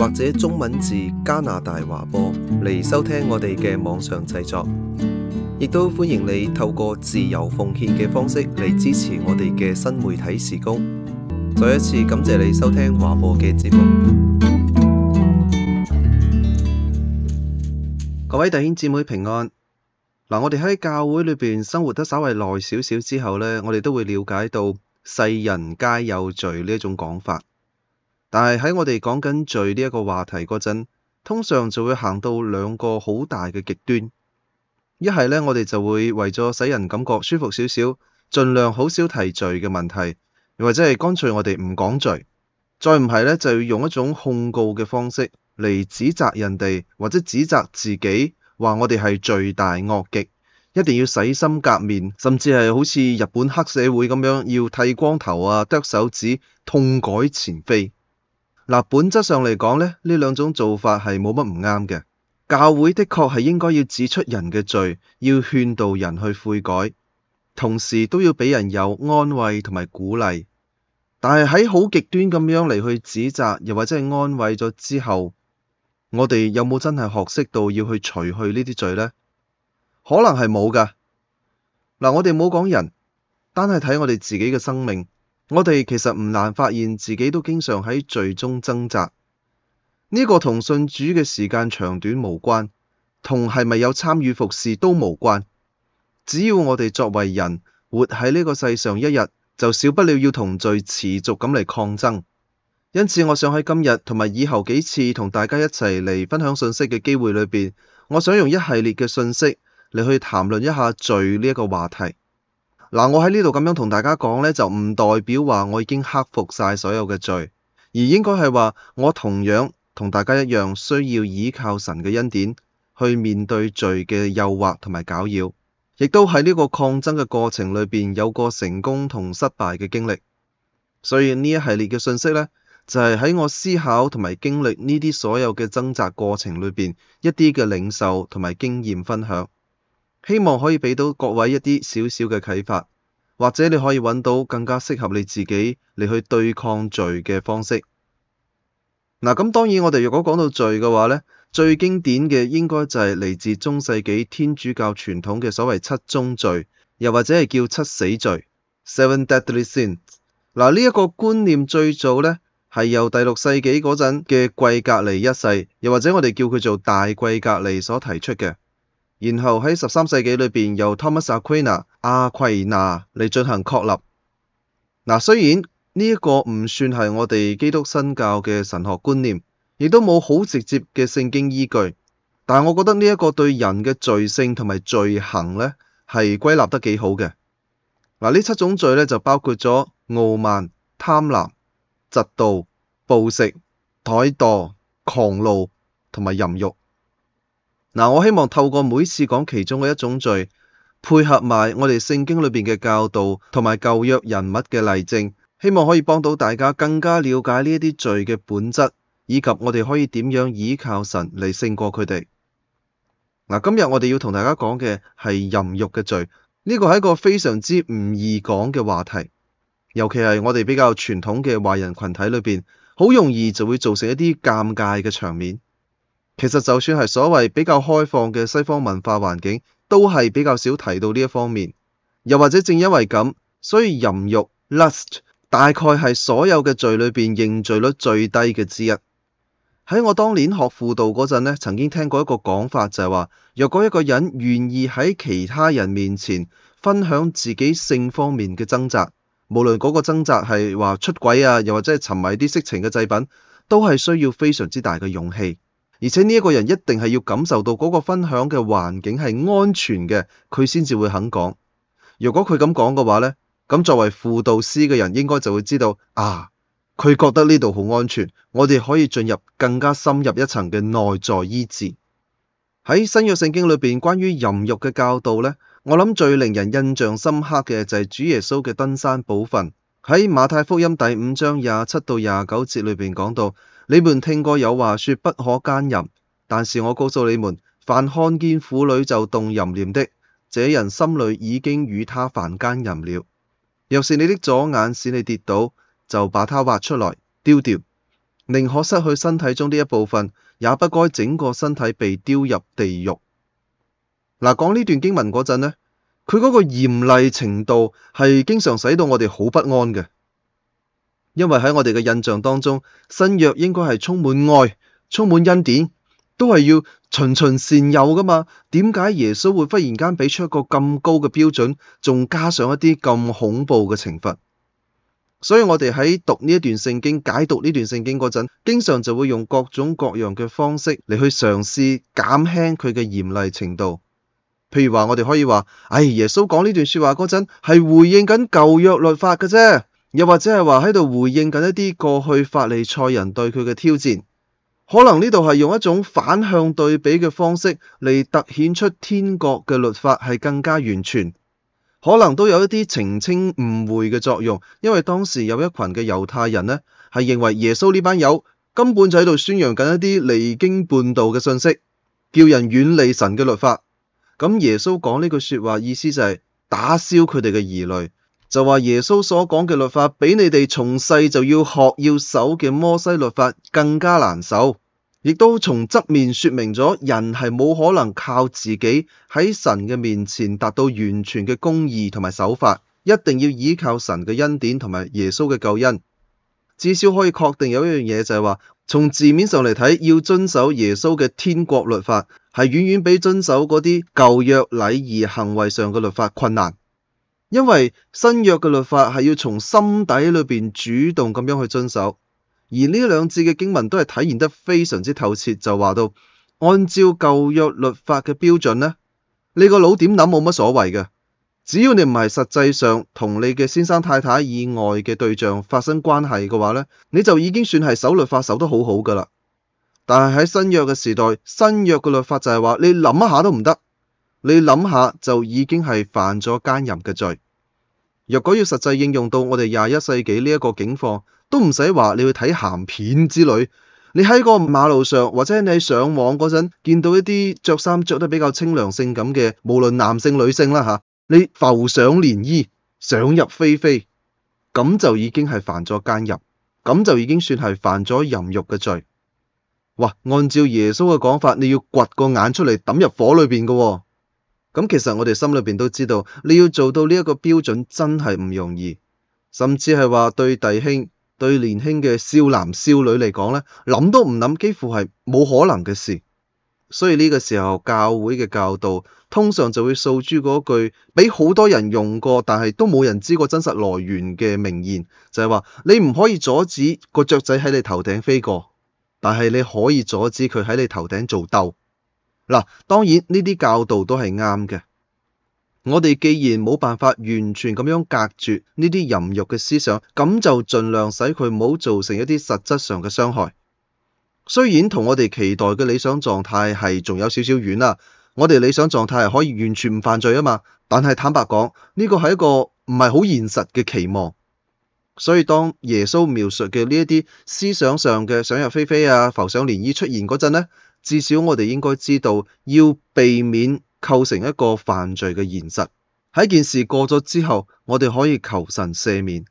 或者中文字加拿大華播嚟收聽我哋嘅網上製作，亦都歡迎你透過自由奉獻嘅方式嚟支持我哋嘅新媒體事工。再一次感謝你收聽華播嘅節目。各位弟兄姊妹平安。嗱，我哋喺教會裏邊生活得稍為耐少少之後咧，我哋都會了解到世人皆有罪呢一種講法。但係喺我哋講緊罪呢一個話題嗰陣，通常就會行到兩個好大嘅極端。一係呢，我哋就會為咗使人感覺舒服少少，盡量好少提罪嘅問題，又或者係乾脆我哋唔講罪。再唔係呢，就要用一種控告嘅方式嚟指責人哋，或者指責自己，話我哋係罪大惡極，一定要洗心革面，甚至係好似日本黑社會咁樣要剃光頭啊、剁手指、痛改前非。嗱，本質上嚟講咧，呢兩種做法係冇乜唔啱嘅。教會的確係應該要指出人嘅罪，要勸導人去悔改，同時都要畀人有安慰同埋鼓勵。但係喺好極端咁樣嚟去指責，又或者係安慰咗之後，我哋有冇真係學識到要去除去呢啲罪呢？可能係冇噶。嗱，我哋冇講人，單係睇我哋自己嘅生命。我哋其實唔難發現，自己都經常喺罪中掙扎。呢個同信主嘅時間長短無關，同係咪有參與服侍都無關。只要我哋作為人活喺呢個世上一日，就少不了要同罪持續咁嚟抗爭。因此，我想喺今日同埋以後幾次同大家一齊嚟分享信息嘅機會裏邊，我想用一系列嘅信息嚟去談論一下罪呢一個話題。嗱，我喺呢度咁樣同大家講咧，就唔代表話我已經克服晒所有嘅罪，而應該係話我同樣同大家一樣，需要依靠神嘅恩典去面對罪嘅誘惑同埋攪擾，亦都喺呢個抗爭嘅過程裏邊有個成功同失敗嘅經歷。所以呢一系列嘅信息咧，就係喺我思考同埋經歷呢啲所有嘅掙扎過程裏邊一啲嘅領受同埋經驗分享。希望可以畀到各位一啲少少嘅啟發，或者你可以揾到更加適合你自己嚟去對抗罪嘅方式。嗱、啊，咁當然我哋如果講到罪嘅話咧，最經典嘅應該就係嚟自中世紀天主教傳統嘅所謂七宗罪，又或者係叫七死罪 （Seven Deadly s i n 嗱，呢、啊、一、這個觀念最早咧係由第六世紀嗰陣嘅桂格尼一世，又或者我哋叫佢做大桂格尼所提出嘅。然後喺十三世紀裏邊，由 Thomas Aquinas 阿奎納嚟進行確立。嗱，雖然呢一個唔算係我哋基督新教嘅神學觀念，亦都冇好直接嘅聖經依據，但係我覺得呢一個對人嘅罪性同埋罪行咧，係歸納得幾好嘅。嗱，呢七種罪咧就包括咗傲慢、貪婪、嫉妒、暴食、怠惰、狂怒同埋淫慾。嗱，我希望透過每次講其中嘅一種罪，配合埋我哋聖經裏邊嘅教導同埋舊約人物嘅例證，希望可以幫到大家更加了解呢一啲罪嘅本質，以及我哋可以點樣依靠神嚟勝過佢哋。嗱，今日我哋要同大家講嘅係淫慾嘅罪，呢個係一個非常之唔易講嘅話題，尤其係我哋比較傳統嘅華人群體裏邊，好容易就會造成一啲尷尬嘅場面。其實，就算係所謂比較開放嘅西方文化環境，都係比較少提到呢一方面。又或者，正因為咁，所以淫慾 lust 大概係所有嘅罪裏邊認罪率最低嘅之一。喺我當年學輔導嗰陣曾經聽過一個講法，就係話，若果一個人願意喺其他人面前分享自己性方面嘅掙扎，無論嗰個掙扎係話出軌啊，又或者係沉迷啲色情嘅製品，都係需要非常之大嘅勇氣。而且呢一個人一定係要感受到嗰個分享嘅環境係安全嘅，佢先至會肯講。如果佢咁講嘅話呢，咁作為輔導師嘅人應該就會知道啊，佢覺得呢度好安全，我哋可以進入更加深入一層嘅內在醫治。喺新約聖經裏邊，關於淫慾嘅教導呢，我諗最令人印象深刻嘅就係主耶穌嘅登山寶訓。喺馬太福音第五章廿七到廿九節裏邊講到。你們聽過有話說，不可奸淫，但是我告訴你們，凡看見婦女就動淫念的，這人心裏已經與她犯奸淫了。若是你的左眼使你跌倒，就把它挖出來丟掉，寧可失去身體中的一部分，也不該整個身體被丟入地獄。嗱，講呢段經文嗰陣咧，佢嗰個嚴厲程度係經常使到我哋好不安嘅。因為喺我哋嘅印象當中，新約應該係充滿愛、充滿恩典，都係要循循善誘噶嘛。點解耶穌會忽然間畀出一個咁高嘅標準，仲加上一啲咁恐怖嘅懲罰？所以我哋喺讀呢一段聖經、解讀呢段聖經嗰陣，經常就會用各種各樣嘅方式嚟去嘗試減輕佢嘅嚴厲程度。譬如話，我哋可以話：唉、哎，耶穌講呢段說話嗰陣，係回應緊舊約律法嘅啫。又或者係話喺度回應緊一啲過去法利賽人對佢嘅挑戰，可能呢度係用一種反向對比嘅方式嚟突顯出天國嘅律法係更加完全，可能都有一啲澄清誤會嘅作用。因為當時有一群嘅猶太人呢，係認為耶穌呢班友根本就喺度宣揚緊一啲離經叛道嘅信息，叫人遠離神嘅律法。咁耶穌講呢句說話，意思就係打消佢哋嘅疑慮。就話耶穌所講嘅律法，比你哋從細就要學要守嘅摩西律法更加難守，亦都從側面說明咗人係冇可能靠自己喺神嘅面前達到完全嘅公義同埋守法，一定要依靠神嘅恩典同埋耶穌嘅救恩。至少可以確定有一樣嘢就係話，從字面上嚟睇，要遵守耶穌嘅天國律法，係遠遠比遵守嗰啲舊約禮儀行為上嘅律法困難。因為新約嘅律法係要從心底裏面主動咁樣去遵守，而呢兩節嘅經文都係體現得非常之透徹，就話到按照舊約律法嘅標準呢，你個腦點諗冇乜所謂嘅，只要你唔係實際上同你嘅先生太太以外嘅對象發生關係嘅話呢，你就已經算係守律法守得好好噶啦。但係喺新約嘅時代，新約嘅律法就係話你諗一下都唔得。你諗下就已經係犯咗奸淫嘅罪。若果要實際應用到我哋廿一世紀呢一個境況，都唔使話你去睇咸片之類。你喺個馬路上或者你上網嗰陣見到一啲着衫着得比較清涼性感嘅，無論男性女性啦吓，你浮想聯衣，想入非非，咁就已經係犯咗奸淫，咁就已經算係犯咗淫欲嘅罪。哇！按照耶穌嘅講法，你要掘個眼出嚟抌入火裏邊嘅、哦。咁其實我哋心裏邊都知道，你要做到呢一個標準真係唔容易，甚至係話對弟兄、對年輕嘅少男少女嚟講呢諗都唔諗，幾乎係冇可能嘅事。所以呢個時候教會嘅教導，通常就會訴諸嗰句畀好多人用過，但係都冇人知個真實來源嘅名言，就係話你唔可以阻止個雀仔喺你頭頂飛過，但係你可以阻止佢喺你頭頂做斗。嗱，當然呢啲教導都係啱嘅。我哋既然冇辦法完全咁樣隔絕呢啲淫欲嘅思想，咁就盡量使佢冇造成一啲實質上嘅傷害。雖然同我哋期待嘅理想狀態係仲有少少遠啦，我哋理想狀態係可以完全唔犯罪啊嘛。但係坦白講，呢個係一個唔係好現實嘅期望。所以當耶穌描述嘅呢一啲思想上嘅想入非非啊、浮想聯翩出現嗰陣咧。至少我哋應該知道，要避免構成一個犯罪嘅現實。喺件事過咗之後，我哋可以求神赦免。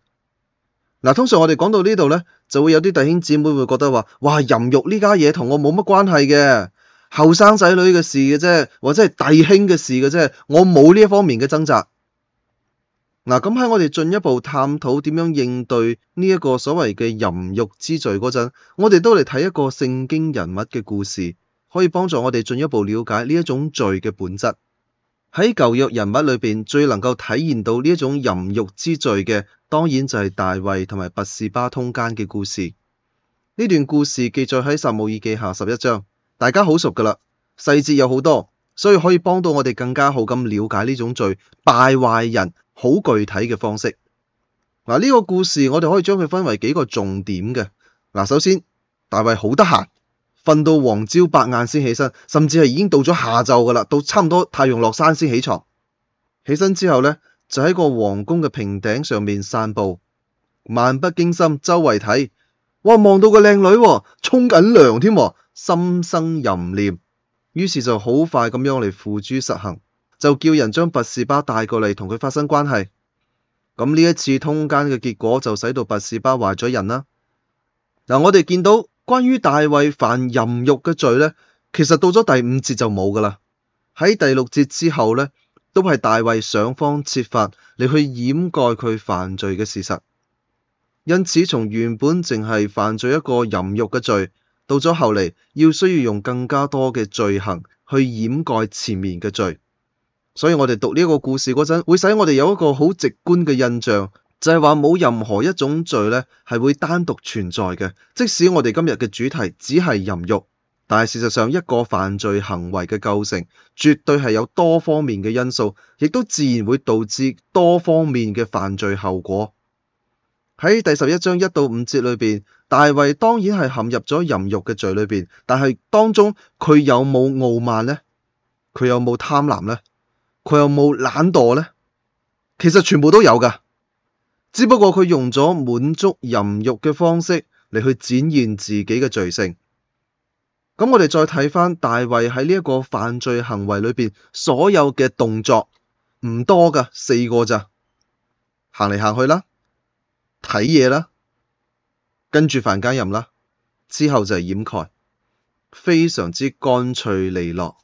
嗱，通常我哋講到呢度咧，就會有啲弟兄姊妹會覺得話：「哇，淫慾呢家嘢同我冇乜關係嘅，後生仔女嘅事嘅啫，或者係弟兄嘅事嘅啫，我冇呢一方面嘅掙扎。嗱，咁喺我哋進一步探討點樣應對呢一個所謂嘅淫慾之罪嗰陣，我哋都嚟睇一個聖經人物嘅故事，可以幫助我哋進一步了解呢一種罪嘅本質。喺舊約人物裏邊，最能夠體現到呢一種淫慾之罪嘅，當然就係大衛同埋拔士巴通奸嘅故事。呢段故事記載喺撒母耳記下十一章，大家好熟㗎喇，細節有好多，所以可以幫到我哋更加好咁了解呢種罪敗壞人好具體嘅方式。嗱、啊，呢、呢個故事我哋可以將佢分為幾個重點嘅。嗱、啊，首先，大衛好得閒，瞓到黃朝白晏先起身，甚至係已經到咗下晝噶啦，到差唔多太陽落山先起床，起身之後呢，就喺個皇宮嘅平頂上面散步，漫不經心周圍睇，哇，望到個靚女沖緊涼添，心生、啊、淫念，於是就好快咁樣嚟付諸實行。就叫人將拔士巴帶過嚟同佢發生關係，咁呢一次通奸嘅結果就使到拔士巴懷咗孕啦。嗱、啊，我哋見到關於大衛犯淫慾嘅罪咧，其實到咗第五節就冇㗎喇。喺第六節之後咧，都係大衛想方設法嚟去掩蓋佢犯罪嘅事實，因此從原本淨係犯罪一個淫慾嘅罪，到咗後嚟要需要用更加多嘅罪行去掩蓋前面嘅罪。所以我哋讀呢個故事嗰陣，會使我哋有一個好直觀嘅印象，就係話冇任何一種罪呢係會單獨存在嘅。即使我哋今日嘅主題只係淫欲，但係事實上一個犯罪行為嘅構成，絕對係有多方面嘅因素，亦都自然會導致多方面嘅犯罪後果。喺第十一章一到五節裏邊，大衛當然係陷入咗淫欲嘅罪裏邊，但係當中佢有冇傲慢呢？佢有冇貪婪呢？佢有冇懶惰咧？其實全部都有噶，只不過佢用咗滿足淫慾嘅方式嚟去展現自己嘅罪性。咁我哋再睇返大衛喺呢一個犯罪行為裏邊所有嘅動作，唔多噶，四個咋？行嚟行去啦，睇嘢啦，跟住犯奸淫啦，之後就係掩蓋，非常之乾脆利落。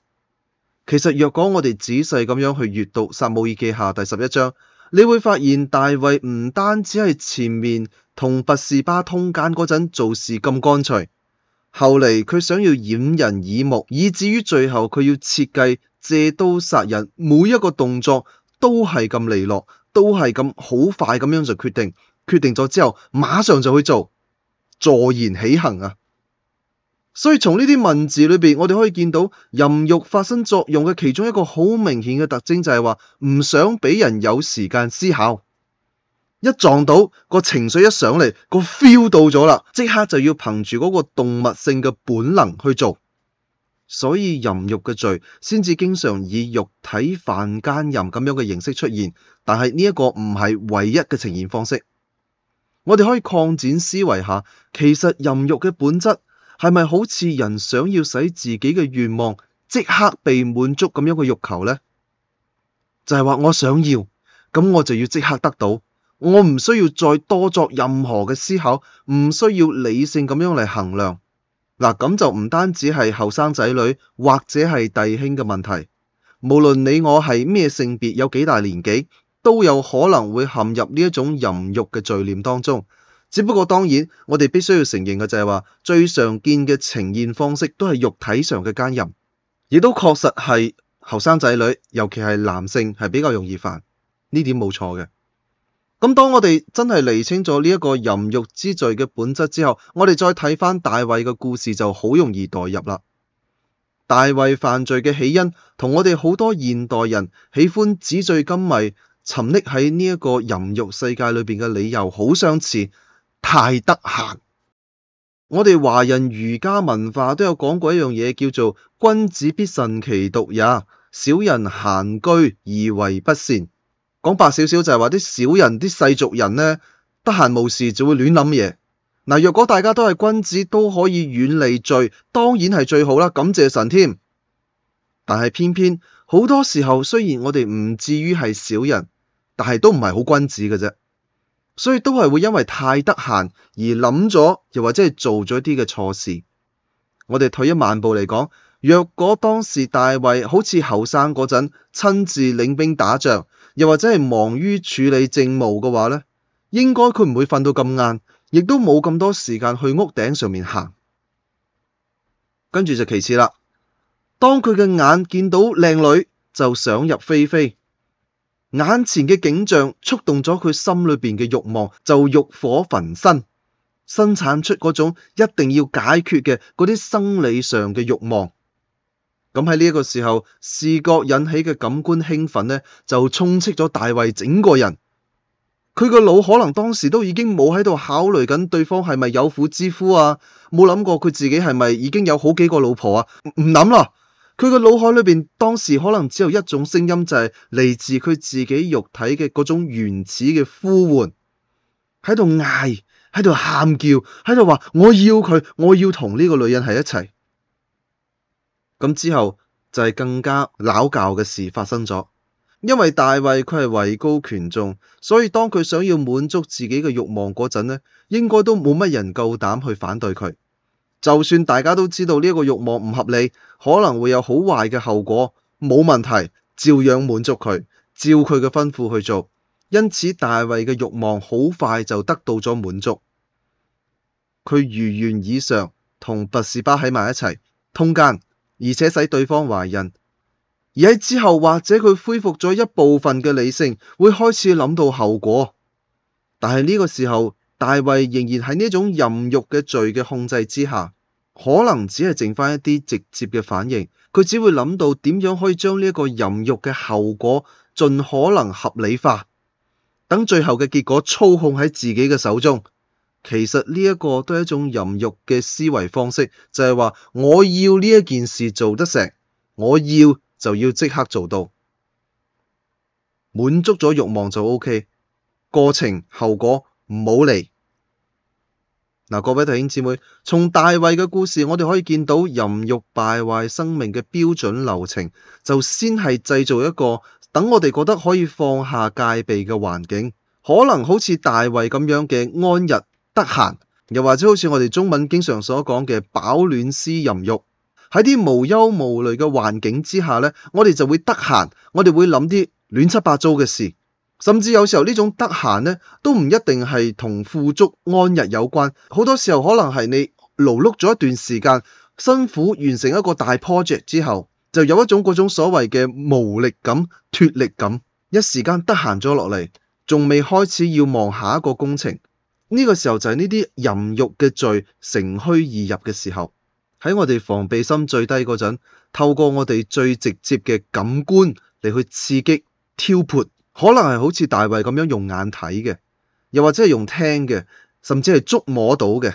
其實若果我哋仔細咁樣去閱讀《撒母耳記下》第十一章，你會發現大衛唔單止係前面同拔士巴通奸嗰陣做事咁乾脆，後嚟佢想要掩人耳目，以至於最後佢要設計借刀殺人，每一個動作都係咁利落，都係咁好快咁樣就決定，決定咗之後馬上就去做，坐言起行啊！所以從呢啲文字裏邊，我哋可以見到淫慾發生作用嘅其中一個好明顯嘅特徵就係話唔想俾人有時間思考，一撞到個情緒一上嚟，個 feel 到咗啦，即刻就要憑住嗰個動物性嘅本能去做。所以淫慾嘅罪先至經常以肉體犯姦淫咁樣嘅形式出現，但係呢一個唔係唯一嘅呈現方式。我哋可以擴展思維下，其實淫慾嘅本質。係咪好似人想要使自己嘅願望即刻被滿足咁樣嘅欲求呢？就係話我想要，咁我就要即刻得到，我唔需要再多作任何嘅思考，唔需要理性咁樣嚟衡量。嗱，咁就唔單止係後生仔女或者係弟兄嘅問題，無論你我係咩性別，有幾大年紀，都有可能會陷入呢一種淫欲嘅罪念當中。只不過當然，我哋必須要承認嘅就係話，最常見嘅呈現方式都係肉體上嘅姦淫，亦都確實係後生仔女，尤其係男性，係比較容易犯，呢點冇錯嘅。咁當我哋真係釐清咗呢一個淫慾之罪嘅本質之後，我哋再睇返大衛嘅故事就好容易代入啦。大衛犯罪嘅起因，同我哋好多現代人喜歡紙醉金迷、沉溺喺呢一個淫慾世界裏邊嘅理由好相似。太得閒，我哋華人儒家文化都有講過一樣嘢，叫做君子必慎其獨也。小人閒居而為不善，講白少少就係話啲小人、啲世俗人呢，得閒無事就會亂諗嘢。嗱，若果大家都係君子，都可以遠離罪，當然係最好啦，感謝神添。但係偏偏好多時候，雖然我哋唔至於係小人，但係都唔係好君子嘅啫。所以都係會因為太得閒而諗咗，又或者係做咗啲嘅錯事。我哋退一萬步嚟講，若果當時大衛好似後生嗰陣，親自領兵打仗，又或者係忙於處理政務嘅話咧，應該佢唔會瞓到咁晏，亦都冇咁多時間去屋頂上面行。跟住就其次啦，當佢嘅眼見到靚女，就想入非非。眼前嘅景象觸動咗佢心裏邊嘅欲望，就欲火焚身，生產出嗰種一定要解決嘅嗰啲生理上嘅欲望。咁喺呢一個時候，視覺引起嘅感官興奮呢，就充斥咗大衛整個人。佢個腦可能當時都已經冇喺度考慮緊對方係咪有婦之夫啊，冇諗過佢自己係咪已經有好幾個老婆啊，唔諗啦。佢個腦海裏邊當時可能只有一種聲音，就係嚟自佢自己肉體嘅嗰種原始嘅呼喚，喺度嗌，喺 度喊叫，喺度話，我要佢，我要同呢個女人喺一齊。咁之後就係、是、更加惱教嘅事發生咗，因為大衛佢係位高權重，所以當佢想要滿足自己嘅慾望嗰陣咧，應該都冇乜人夠膽去反對佢。就算大家都知道呢個欲望唔合理，可能會有好壞嘅後果，冇問題，照樣滿足佢，照佢嘅吩咐去做。因此大衛嘅欲望好快就得到咗滿足，佢如願以償同拔士巴喺埋一齊通奸，而且使對方懷孕。而喺之後，或者佢恢復咗一部分嘅理性，會開始諗到後果。但係呢個時候，大衛仍然喺呢種淫欲嘅罪嘅控制之下。.可能只係剩翻一啲直接嘅反應，佢只會諗到點樣可以將呢一個淫欲嘅後果盡可能合理化，等最後嘅結果操控喺自己嘅手中。其實呢一個都係一種淫欲嘅思維方式，就係話我要呢一件事做得成，我要就要即刻做到，滿足咗欲望就 OK，過程後果唔好嚟。嗱，各位弟兄姊妹，從大衛嘅故事，我哋可以見到淫慾敗壞生命嘅標準流程，就先係製造一個等我哋覺得可以放下戒備嘅環境，可能好似大衛咁樣嘅安逸得閒，又或者好似我哋中文經常所講嘅飽暖思淫慾，喺啲無憂無慮嘅環境之下咧，我哋就會得閒，我哋會諗啲亂七八糟嘅事。甚至有時候呢種得閒呢，都唔一定係同富足安逸有關。好多時候可能係你勞碌咗一段時間，辛苦完成一個大 project 之後，就有一種嗰種所謂嘅無力感、脫力感，一時間得閒咗落嚟，仲未開始要望下一個工程。呢個時候就係呢啲淫欲嘅罪乘虛而入嘅時候，喺我哋防備心最低嗰陣，透過我哋最直接嘅感官嚟去刺激、挑撥。可能係好似大衛咁樣用眼睇嘅，又或者係用聽嘅，甚至係觸摸到嘅，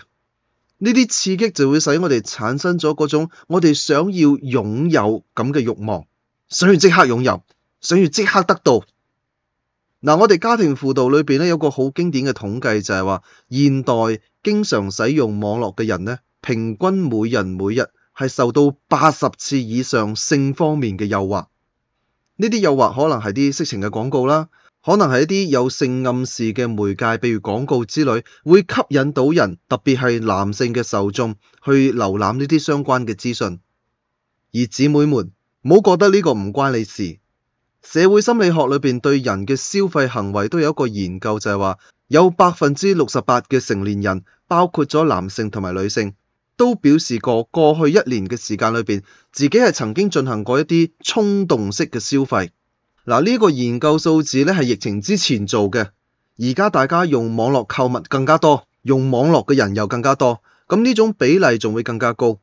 呢啲刺激就會使我哋產生咗嗰種我哋想要擁有咁嘅欲望，想要即刻擁有，想要即刻得到。嗱，我哋家庭輔導裏邊咧有個好經典嘅統計就係話，現代經常使用網絡嘅人咧，平均每人每日係受到八十次以上性方面嘅誘惑。呢啲誘惑可能係啲色情嘅廣告啦，可能係一啲有性暗示嘅媒介，譬如廣告之類，會吸引到人，特別係男性嘅受眾去瀏覽呢啲相關嘅資訊。而姊妹們，唔好覺得呢個唔關你事。社會心理學裏邊對人嘅消費行為都有一個研究，就係話有百分之六十八嘅成年人，包括咗男性同埋女性。都表示過過去一年嘅時間裏邊，自己係曾經進行過一啲衝動式嘅消費。嗱，呢個研究數字呢係疫情之前做嘅，而家大家用網絡購物更加多，用網絡嘅人又更加多，咁呢種比例仲會更加高。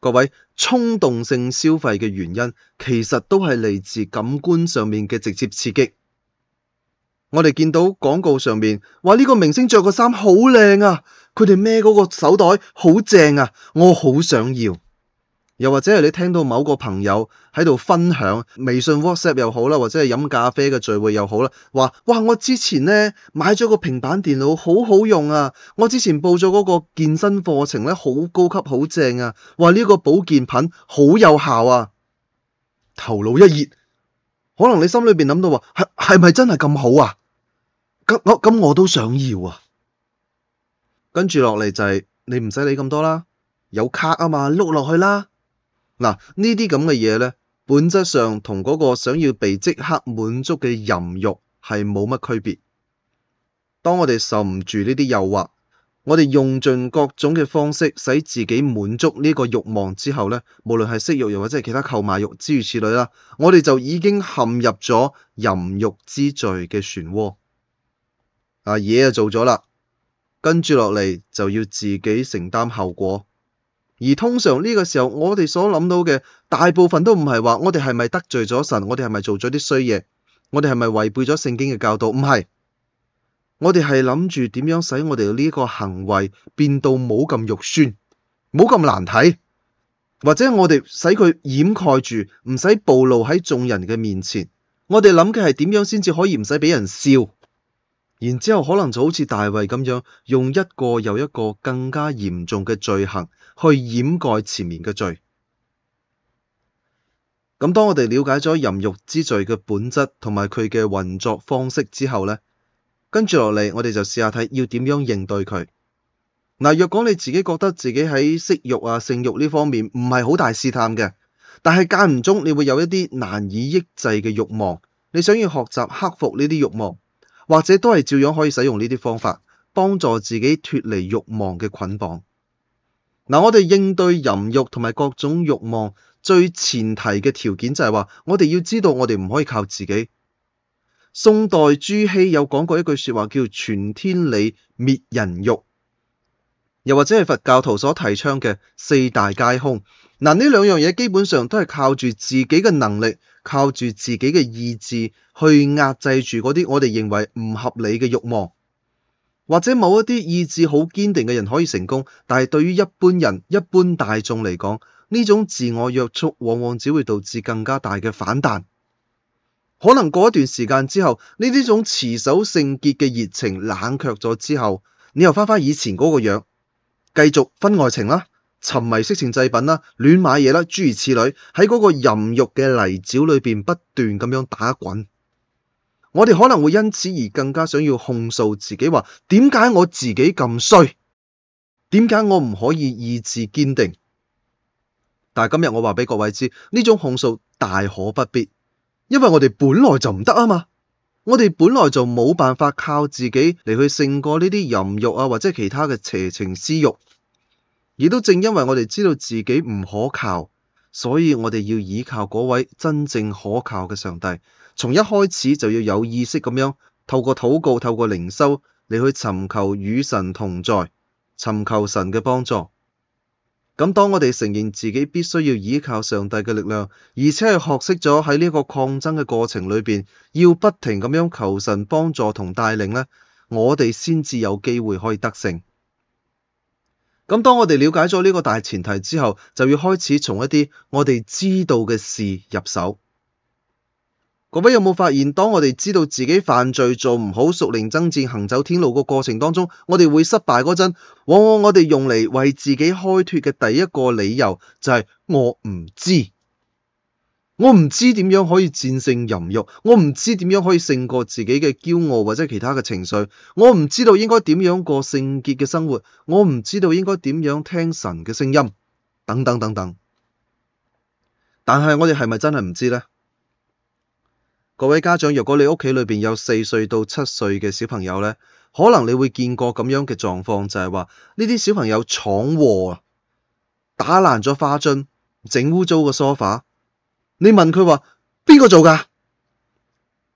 各位，衝動性消費嘅原因其實都係嚟自感官上面嘅直接刺激。我哋見到廣告上面話呢個明星着個衫好靚啊，佢哋孭嗰個手袋好正啊，我好想要。又或者係你聽到某個朋友喺度分享，微信、WhatsApp 又好啦，或者係飲咖啡嘅聚會又好啦，話哇，我之前呢買咗個平板電腦，好好用啊。我之前報咗嗰個健身課程咧，好高級，好正啊。話呢個保健品好有效啊。頭腦一熱，可能你心裏邊諗到話係係咪真係咁好啊？咁我,我都想要啊，跟住落嚟就係你唔使理咁多啦，有卡啊嘛，碌落去啦。嗱呢啲咁嘅嘢咧，本質上同嗰個想要被即刻滿足嘅淫欲係冇乜區別。當我哋受唔住呢啲誘惑，我哋用盡各種嘅方式使自己滿足呢個欲望之後咧，無論係色欲又或者其他購買欲之如此類啦，我哋就已經陷入咗淫欲之罪嘅漩渦。啊，嘢就做咗啦，跟住落嚟就要自己承擔後果。而通常呢個時候，我哋所諗到嘅大部分都唔係話我哋係咪得罪咗神，我哋係咪做咗啲衰嘢，我哋係咪違背咗聖經嘅教導？唔係，我哋係諗住點樣使我哋呢一個行為變到冇咁肉酸，冇咁難睇，或者我哋使佢掩蓋住，唔使暴露喺眾人嘅面前。我哋諗嘅係點樣先至可以唔使俾人笑？然之後，可能就好似大衛咁樣，用一個又一個更加嚴重嘅罪行去掩蓋前面嘅罪。咁當我哋了解咗淫欲之罪嘅本質同埋佢嘅運作方式之後呢，跟住落嚟，我哋就試下睇要點樣應對佢。嗱，若果你自己覺得自己喺色欲啊、性欲呢方面唔係好大試探嘅，但係間唔中你會有一啲難以抑制嘅慾望，你想要學習克服呢啲慾望。或者都係照樣可以使用呢啲方法，幫助自己脫離慾望嘅捆綁。嗱、嗯，我哋應對淫慾同埋各種慾望，最前提嘅條件就係話，我哋要知道我哋唔可以靠自己。宋代朱熹有講過一句說話，叫“存天理，滅人慾”。又或者係佛教徒所提倡嘅四大皆空，嗱，呢兩樣嘢基本上都係靠住自己嘅能力，靠住自己嘅意志去壓制住嗰啲我哋認為唔合理嘅欲望，或者某一啲意志好堅定嘅人可以成功，但係對於一般人、一般大眾嚟講，呢種自我約束往往只會導致更加大嘅反彈。可能過一段時間之後，呢啲種持守聖潔嘅熱情冷卻咗之後，你又翻返以前嗰個樣。繼續婚外情啦，沉迷色情製品啦，亂買嘢啦，諸如此類，喺嗰個淫慾嘅泥沼裏邊不斷咁樣打滾。我哋可能會因此而更加想要控訴自己，話點解我自己咁衰，點解我唔可以意志堅定？但係今日我話俾各位知，呢種控訴大可不必，因為我哋本來就唔得啊嘛。我哋本來就冇辦法靠自己嚟去勝過呢啲淫欲啊，或者其他嘅邪情私欲。而都正因為我哋知道自己唔可靠，所以我哋要依靠嗰位真正可靠嘅上帝。從一開始就要有意識咁樣透過禱告、透過靈修，嚟去尋求與神同在，尋求神嘅幫助。咁當我哋承認自己必須要依靠上帝嘅力量，而且係學識咗喺呢個抗爭嘅過程裏邊，要不停咁樣求神幫助同帶領咧，我哋先至有機會可以得勝。咁當我哋了解咗呢個大前提之後，就要開始從一啲我哋知道嘅事入手。各位有冇發現？當我哋知道自己犯罪、做唔好、屬靈征戰、行走天路個過程當中，我哋會失敗嗰陣，往往我哋用嚟為自己開脫嘅第一個理由就係，我唔知，我唔知點樣可以戰勝淫慾，我唔知點樣可以勝過自己嘅驕傲或者其他嘅情緒，我唔知道應該點樣過聖潔嘅生活，我唔知道應該點樣聽神嘅聲音，等等等等。但係我哋係咪真係唔知咧？各位家長，如果你屋企裏邊有四歲到七歲嘅小朋友咧，可能你會見過咁樣嘅狀況就，就係話呢啲小朋友闖禍啊，打爛咗花樽，整污糟個梳化。你問佢話邊個做㗎？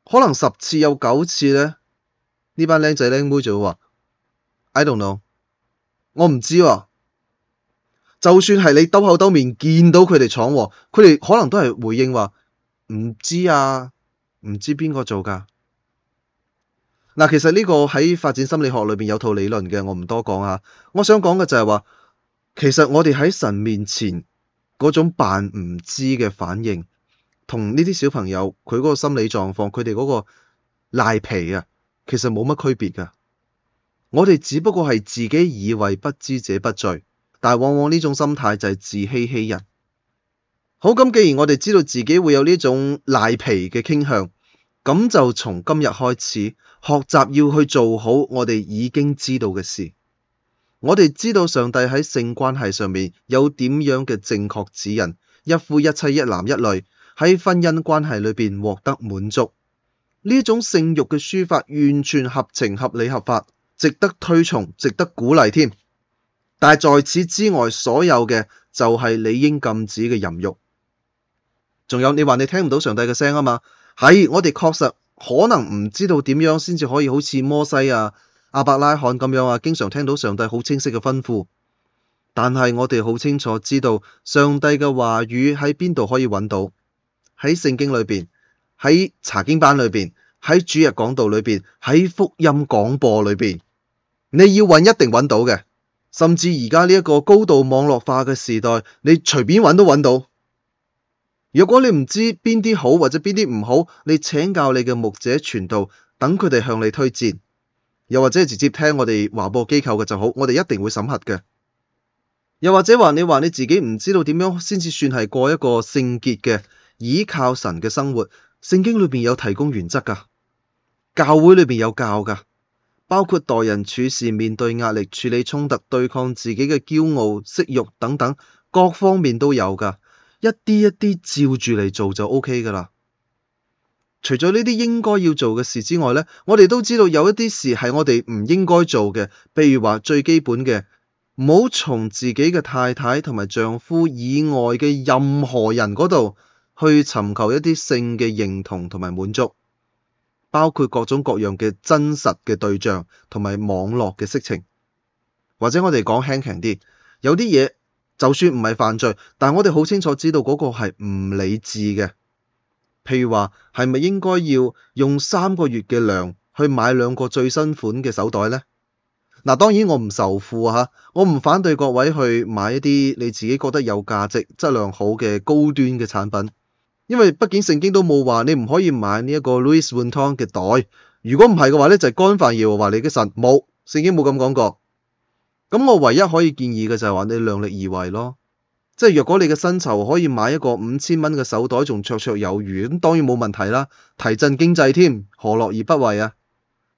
可能十次有九次咧，呢班靚仔靚妹就會話：I don't know。我唔知喎、啊。就算係你兜口兜面見到佢哋闖禍，佢哋可能都係回應話唔知啊。唔知邊個做噶？嗱，其實呢個喺發展心理學裏面有套理論嘅，我唔多講啊。我想講嘅就係話，其實我哋喺神面前嗰種扮唔知嘅反應，同呢啲小朋友佢嗰個心理狀況，佢哋嗰個賴皮啊，其實冇乜區別噶。我哋只不過係自己以為不知者不罪，但往往呢種心態就係自欺欺人。好，咁既然我哋知道自己會有呢種賴皮嘅傾向，咁就從今日開始學習要去做好我哋已經知道嘅事。我哋知道上帝喺性關係上面有點樣嘅正確指引，一夫一妻一男一女喺婚姻關係裏邊獲得滿足。呢種性欲嘅抒發完全合情合理合法，值得推崇，值得鼓勵添。但係在此之外，所有嘅就係理應禁止嘅淫欲。仲有你話你聽唔到上帝嘅聲啊嘛？係，我哋確實可能唔知道點樣先至可以好似摩西啊、阿伯拉罕咁樣啊，經常聽到上帝好清晰嘅吩咐。但係我哋好清楚知道上帝嘅話語喺邊度可以揾到？喺聖經裏邊、喺查經班裏邊、喺主日講道裏邊、喺福音廣播裏邊，你要揾一定揾到嘅。甚至而家呢一個高度網絡化嘅時代，你隨便揾都揾到。如果你唔知邊啲好或者邊啲唔好，你請教你嘅牧者傳道，等佢哋向你推薦，又或者直接聽我哋華播機構嘅就好，我哋一定會審核嘅。又或者話你話你自己唔知道點樣先至算係過一個聖潔嘅倚靠神嘅生活，聖經裏邊有提供原則噶，教會裏邊有教噶，包括待人處事、面對壓力、處理衝突、對抗自己嘅驕傲、色欲等等，各方面都有噶。一啲一啲照住嚟做就 OK 噶啦。除咗呢啲應該要做嘅事之外咧，我哋都知道有一啲事係我哋唔應該做嘅。譬如話最基本嘅，唔好從自己嘅太太同埋丈夫以外嘅任何人嗰度去尋求一啲性嘅認同同埋滿足，包括各種各樣嘅真實嘅對象同埋網絡嘅色情，或者我哋講輕強啲，有啲嘢，就算唔係犯罪，但我哋好清楚知道嗰個係唔理智嘅。譬如話係咪應該要用三個月嘅糧去買兩個最新款嘅手袋呢？嗱，當然我唔仇富吓，我唔反對各位去買一啲你自己覺得有價值、質量好嘅高端嘅產品。因為畢竟聖經都冇話你唔可以買呢一個 Louis Vuitton 嘅袋。如果唔係嘅話咧，就係、干犯耶和華你嘅神。冇，聖經冇咁講過。咁我唯一可以建議嘅就係話你量力而為咯，即係若果你嘅薪酬可以買一個五千蚊嘅手袋仲綽綽有餘，咁當然冇問題啦，提振經濟添，何樂而不為啊？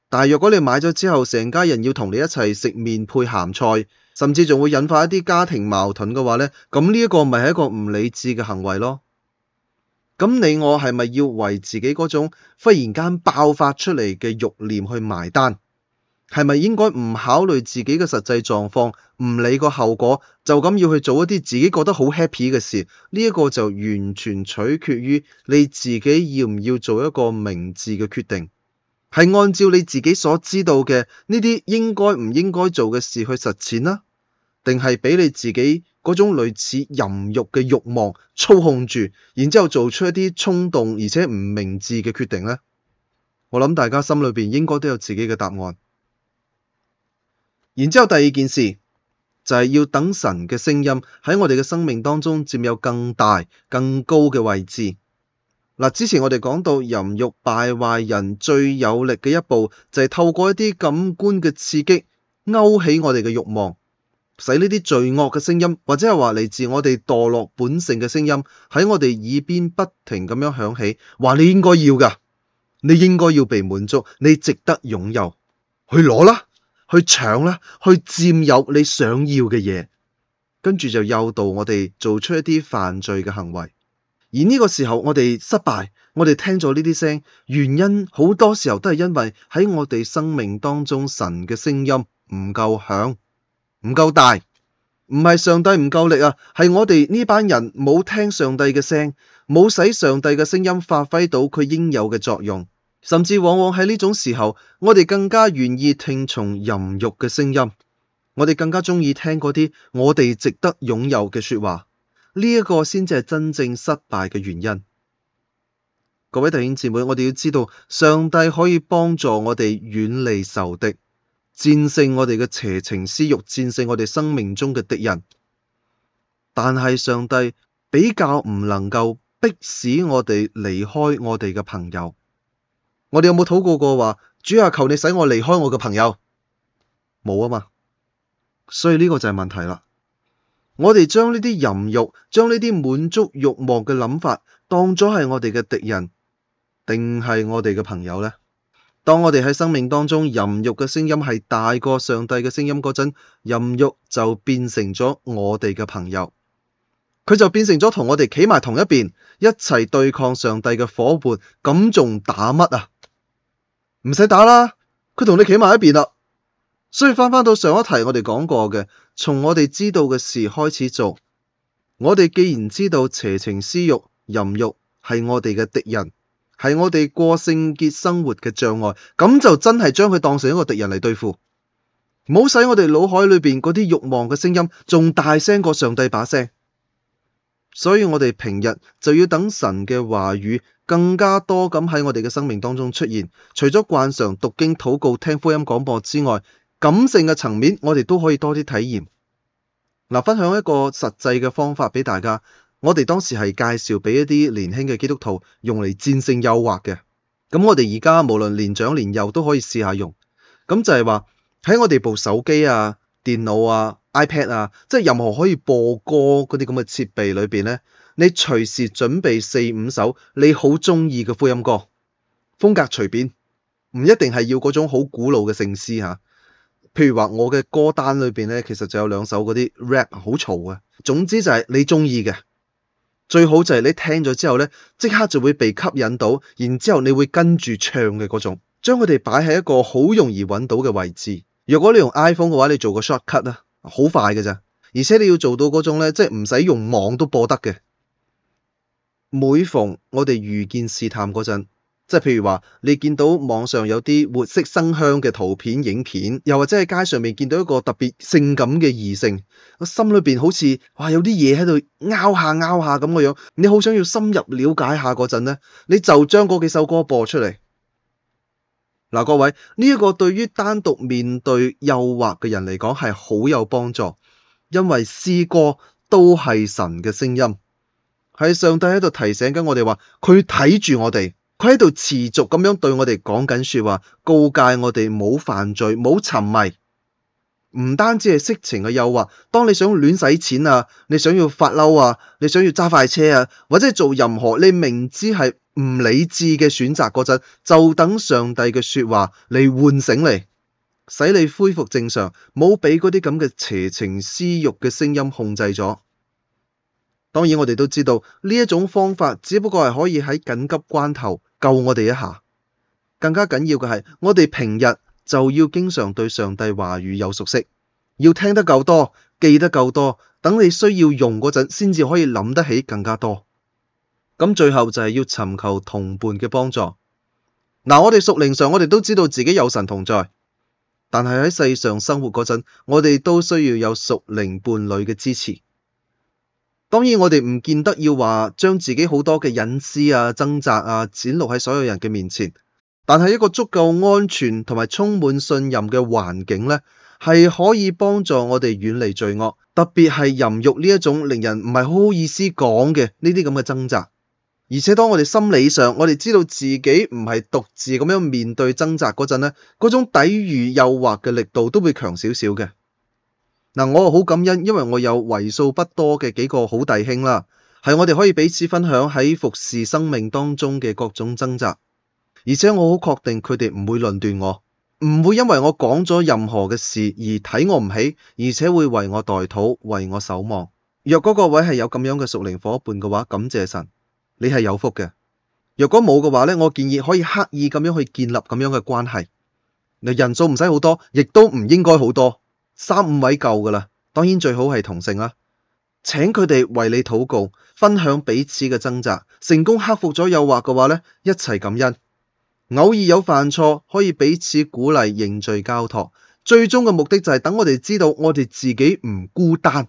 但係若果你買咗之後，成家人要同你一齊食麵配鹹菜，甚至仲會引發一啲家庭矛盾嘅話咧，咁呢一個咪係一個唔理智嘅行為咯。咁你我係咪要為自己嗰種忽然間爆發出嚟嘅慾念去埋單？係咪應該唔考慮自己嘅實際狀況，唔理個後果，就咁要去做一啲自己覺得好 happy 嘅事？呢一個就完全取決於你自己要唔要做一個明智嘅決定，係按照你自己所知道嘅呢啲應該唔應該做嘅事去實踐啦，定係俾你自己嗰種類似淫慾嘅慾望操控住，然之後做出一啲衝動而且唔明智嘅決定呢？我諗大家心裏邊應該都有自己嘅答案。然之後第二件事就係要等神嘅聲音喺我哋嘅生命當中佔有更大更高嘅位置。嗱，之前我哋講到淫欲敗壞人最有力嘅一步就係透過一啲感官嘅刺激勾起我哋嘅欲望，使呢啲罪惡嘅聲音或者係話嚟自我哋墮落本性嘅聲音喺我哋耳邊不停咁樣響起，話你應該要噶，你應該要被滿足，你值得擁有，去攞啦。去搶啦，去佔有你想要嘅嘢，跟住就誘導我哋做出一啲犯罪嘅行為。而呢個時候我哋失敗，我哋聽咗呢啲聲，原因好多時候都係因為喺我哋生命當中，神嘅聲音唔夠響，唔夠大，唔係上帝唔夠力啊，係我哋呢班人冇聽上帝嘅聲，冇使上帝嘅聲音發揮到佢應有嘅作用。甚至往往喺呢種時候，我哋更加願意聽從淫慾嘅聲音，我哋更加鍾意聽嗰啲我哋值得擁有嘅說話。呢一個先至係真正失敗嘅原因。各位弟兄姊妹，我哋要知道，上帝可以幫助我哋遠離仇敵，戰勝我哋嘅邪情私慾，戰勝我哋生命中嘅敵人。但係上帝比較唔能夠迫使我哋離開我哋嘅朋友。我哋有冇禱告過話，主啊，求你使我離開我嘅朋友？冇啊嘛，所以呢個就係問題啦。我哋將呢啲淫慾、將呢啲滿足慾望嘅諗法，當咗係我哋嘅敵人，定係我哋嘅朋友咧？當我哋喺生命當中淫慾嘅聲音係大過上帝嘅聲音嗰陣，淫慾就變成咗我哋嘅朋友，佢就變成咗同我哋企埋同一邊，一齊對抗上帝嘅夥伴，咁仲打乜啊？唔使打啦，佢同你企埋一邊啦。所以翻返到上一題我講，我哋講過嘅，從我哋知道嘅事開始做。我哋既然知道邪情私欲、淫慾係我哋嘅敵人，係我哋過聖潔生活嘅障礙，咁就真係將佢當成一個敵人嚟對付，唔好使我哋腦海裏邊嗰啲慾望嘅聲音仲大聲過上帝把聲。所以我哋平日就要等神嘅話語。更加多咁喺我哋嘅生命當中出現，除咗慣常讀經、禱告、聽福音廣播之外，感性嘅層面我哋都可以多啲體驗。嗱、啊，分享一個實際嘅方法俾大家，我哋當時係介紹俾一啲年輕嘅基督徒用嚟戰勝誘惑嘅，咁我哋而家無論年長年幼都可以試下用。咁就係話喺我哋部手機啊、電腦啊、iPad 啊，即係任何可以播歌嗰啲咁嘅設備裏邊咧。你隨時準備四五首你好鍾意嘅福音歌，風格隨便，唔一定係要嗰種好古老嘅聖詩吓，譬如話，我嘅歌單裏邊咧，其實就有兩首嗰啲 rap 好嘈嘅。總之就係你鍾意嘅，最好就係你聽咗之後咧，即刻就會被吸引到，然之後你會跟住唱嘅嗰種。將佢哋擺喺一個好容易揾到嘅位置。如果你用 iPhone 嘅話，你做個 shortcut 啦，好快嘅咋，而且你要做到嗰種咧，即係唔使用網都播得嘅。每逢我哋遇見試探嗰陣，即係譬如話，你見到網上有啲活色生香嘅圖片影片，又或者喺街上面見到一個特別性感嘅異性，個心裏邊好似哇有啲嘢喺度拗下拗下咁個樣，你好想要深入了解下嗰陣呢，你就將嗰幾首歌播出嚟。嗱、呃，各位呢一個對於單獨面對誘惑嘅人嚟講係好有幫助，因為詩歌都係神嘅聲音。係上帝喺度提醒緊我哋話，佢睇住我哋，佢喺度持續咁樣對我哋講緊說話，告誡我哋冇犯罪，冇沉迷，唔單止係色情嘅誘惑。當你想亂使錢啊，你想要發嬲啊，你想要揸快車啊，或者做任何你明知係唔理智嘅選擇嗰陣，就等上帝嘅說話嚟喚醒你，使你恢復正常，冇俾嗰啲咁嘅邪情私欲嘅聲音控制咗。當然，我哋都知道呢一種方法，只不過係可以喺緊急關頭救我哋一下。更加緊要嘅係，我哋平日就要經常對上帝話語有熟悉，要聽得夠多，記得夠多，等你需要用嗰陣，先至可以諗得起更加多。咁、嗯、最後就係要尋求同伴嘅幫助。嗱、嗯，我哋屬靈上，我哋都知道自己有神同在，但係喺世上生活嗰陣，我哋都需要有屬靈伴侶嘅支持。當然，我哋唔見得要話將自己好多嘅隱私啊、掙扎啊展露喺所有人嘅面前。但係一個足夠安全同埋充滿信任嘅環境咧，係可以幫助我哋遠離罪惡，特別係淫慾呢一種令人唔係好好意思講嘅呢啲咁嘅掙扎。而且當我哋心理上，我哋知道自己唔係獨自咁樣面對掙扎嗰陣咧，嗰種抵禦誘惑嘅力度都會強少少嘅。嗱，我好感恩，因為我有為數不多嘅幾個好弟兄啦，係我哋可以彼此分享喺服侍生命當中嘅各種掙扎，而且我好確定佢哋唔會論斷我，唔會因為我講咗任何嘅事而睇我唔起，而且會為我代禱、為我守望。若嗰個位係有咁樣嘅屬靈伙伴嘅話，感謝神，你係有福嘅。若果冇嘅話咧，我建議可以刻意咁樣去建立咁樣嘅關係。嗱，人數唔使好多，亦都唔應該好多。三五位夠噶啦，當然最好係同性啦，請佢哋為你禱告，分享彼此嘅掙扎，成功克服咗誘惑嘅話咧，一齊感恩。偶爾有犯錯，可以彼此鼓勵，認罪交託。最終嘅目的就係等我哋知道我哋自己唔孤單，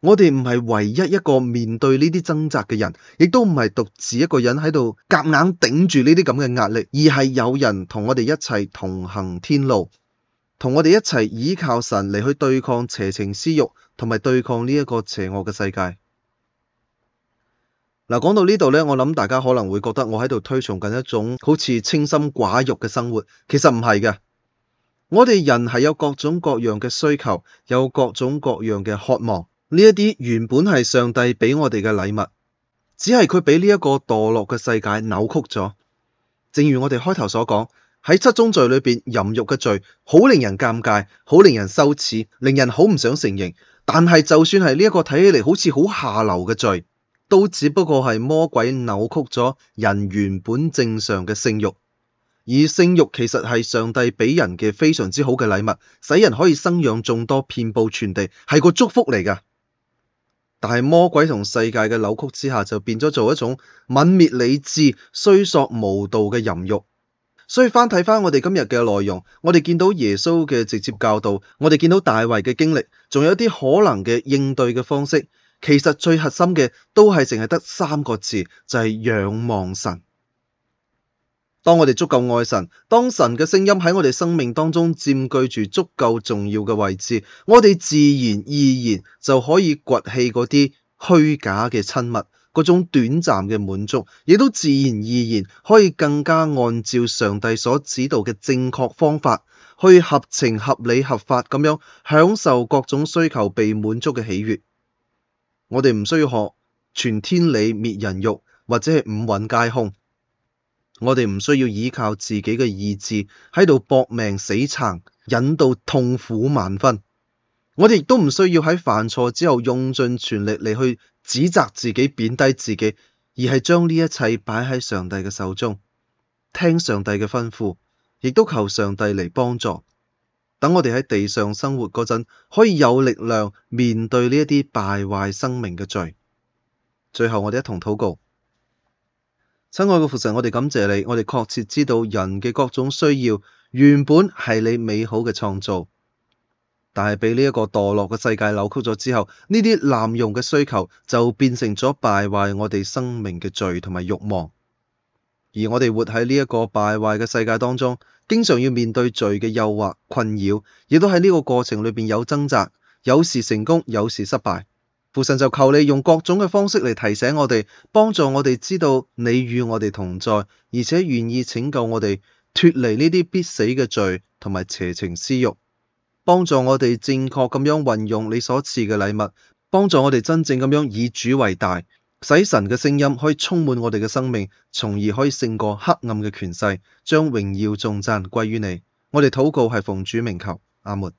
我哋唔係唯一一個面對呢啲掙扎嘅人，亦都唔係獨自一個人喺度夾硬頂住呢啲咁嘅壓力，而係有人同我哋一齊同行天路。同我哋一齊倚靠神嚟去對抗邪情私慾，同埋對抗呢一個邪惡嘅世界。嗱，講到呢度咧，我諗大家可能會覺得我喺度推崇緊一種好似清心寡慾嘅生活，其實唔係嘅。我哋人係有各種各樣嘅需求，有各種各樣嘅渴望，呢一啲原本係上帝畀我哋嘅禮物，只係佢畀呢一個墮落嘅世界扭曲咗。正如我哋開頭所講。喺七宗罪裏邊，淫慾嘅罪好令人尷尬，好令人羞恥，令人好唔想承認。但係就算係呢一個睇起嚟，好似好下流嘅罪，都只不過係魔鬼扭曲咗人原本正常嘅性慾，而性慾其實係上帝畀人嘅非常之好嘅禮物，使人可以生養眾多，遍佈全地，係個祝福嚟㗎。但係魔鬼同世界嘅扭曲之下，就變咗做一種泯滅理智、衰索無道嘅淫慾。所以翻睇翻我哋今日嘅內容，我哋見到耶穌嘅直接教導，我哋見到大衛嘅經歷，仲有啲可能嘅應對嘅方式。其實最核心嘅都係淨係得三個字，就係仰望神。當我哋足夠愛神，當神嘅聲音喺我哋生命當中佔據住足夠重要嘅位置，我哋自然而然就可以崛起嗰啲虛假嘅親密。嗰種短暫嘅滿足，亦都自然而然可以更加按照上帝所指導嘅正確方法，去合情合理合法咁樣享受各種需求被滿足嘅喜悅。我哋唔需要學存天理滅人欲，或者係五蘊皆空。我哋唔需要依靠自己嘅意志喺度搏命死撐，忍到痛苦萬分。我哋亦都唔需要喺犯錯之後用盡全力嚟去。指責自己，貶低自己，而係將呢一切擺喺上帝嘅手中，聽上帝嘅吩咐，亦都求上帝嚟幫助。等我哋喺地上生活嗰陣，可以有力量面對呢一啲敗壞生命嘅罪。最後，我哋一同禱告，親愛嘅父神，我哋感謝你，我哋確切知道人嘅各種需要，原本係你美好嘅創造。但係俾呢一個墮落嘅世界扭曲咗之後，呢啲濫用嘅需求就變成咗敗壞我哋生命嘅罪同埋慾望。而我哋活喺呢一個敗壞嘅世界當中，經常要面對罪嘅誘惑、困擾，亦都喺呢個過程裏邊有掙扎，有時成功，有時失敗。父神就求你用各種嘅方式嚟提醒我哋，幫助我哋知道你與我哋同在，而且願意拯救我哋脱離呢啲必死嘅罪同埋邪情私慾。幫助我哋正確咁樣運用你所賜嘅禮物，幫助我哋真正咁樣以主為大，使神嘅聲音可以充滿我哋嘅生命，從而可以勝過黑暗嘅權勢，將榮耀頌讚歸於你。我哋禱告係奉主名求，阿門。